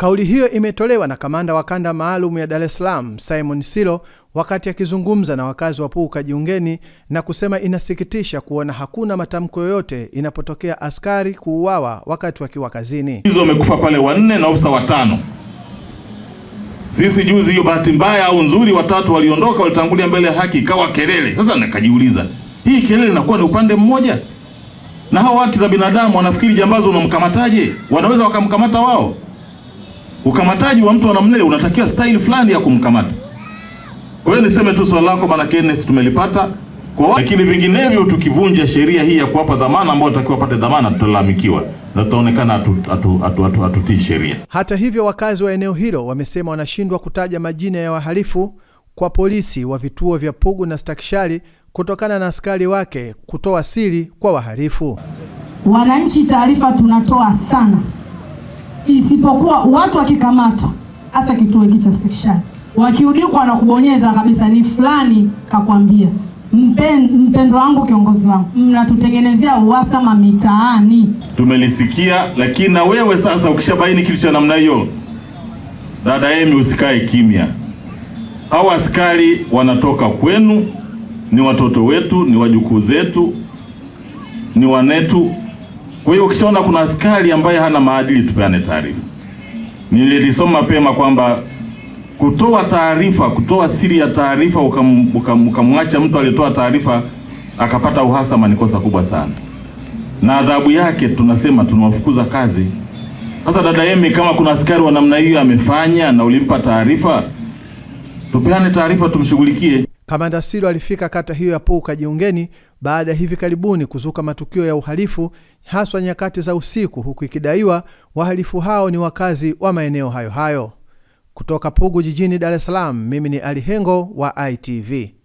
Kauli hiyo imetolewa na kamanda wa kanda maalum ya Dar es Salaam Simon Silo wakati akizungumza na wakazi wa Puka Jiungeni na kusema inasikitisha kuona hakuna matamko yoyote inapotokea askari kuuawa wakati wakiwa kazini. Hizo wamekufa pale wanne na ofisa watano. Sisi juzi, hiyo bahati mbaya au nzuri, watatu waliondoka, walitangulia mbele ya haki, ikawa kelele. Sasa nikajiuliza hii kelele inakuwa ni upande mmoja, na hao haki za binadamu wanafikiri jambazi unamkamataje? Wanaweza wakamkamata wao Ukamataji wa mtu wa namne unatakiwa style fulani ya kumkamata. Kwa hiyo niseme tu swali lako bana Kenneth, tumelipata kwa lakini vinginevyo tukivunja sheria hii ya kuwapa dhamana ambao natakiwa pate dhamana, tutalalamikiwa na tutaonekana hatutii atu, atu, atu, atu sheria. Hata hivyo, wakazi wa eneo hilo wamesema wanashindwa kutaja majina ya wahalifu kwa polisi wa vituo vya Pugu na Stakishari kutokana na askari wake kutoa siri kwa wahalifu. Wananchi, taarifa tunatoa sana isipokuwa watu wakikamatwa, hasa kituo hiki cha Stickshine, wakiudikwa na kubonyeza kabisa, ni fulani kakwambia. Mpen, mpendo wangu, kiongozi wangu, mnatutengenezea uhasama mitaani, tumelisikia. Lakini na wewe sasa, ukishabaini kitu cha namna hiyo, dada Emi, usikae kimya. Hawa askari wanatoka kwenu, ni watoto wetu, ni wajukuu zetu, ni wanetu. Kwa hiyo ukishaona kuna askari ambaye hana maadili, tupeane taarifa. Nililisoma mapema kwamba kutoa taarifa, kutoa siri ya taarifa, ukamwacha mtu aliyetoa taarifa akapata uhasama, ni kosa kubwa sana, na adhabu yake tunasema tunawafukuza kazi. Sasa dada Yemi, kama kuna askari wa namna hiyo amefanya na ulimpa taarifa, tupeane taarifa, tumshughulikie. Kamanda Silo alifika kata hiyo ya Puka Jiungeni baada ya hivi karibuni kuzuka matukio ya uhalifu haswa nyakati za usiku, huku ikidaiwa wahalifu hao ni wakazi wa maeneo hayo hayo. Kutoka Pugu jijini Dar es Salaam, mimi ni Ali Hengo wa ITV.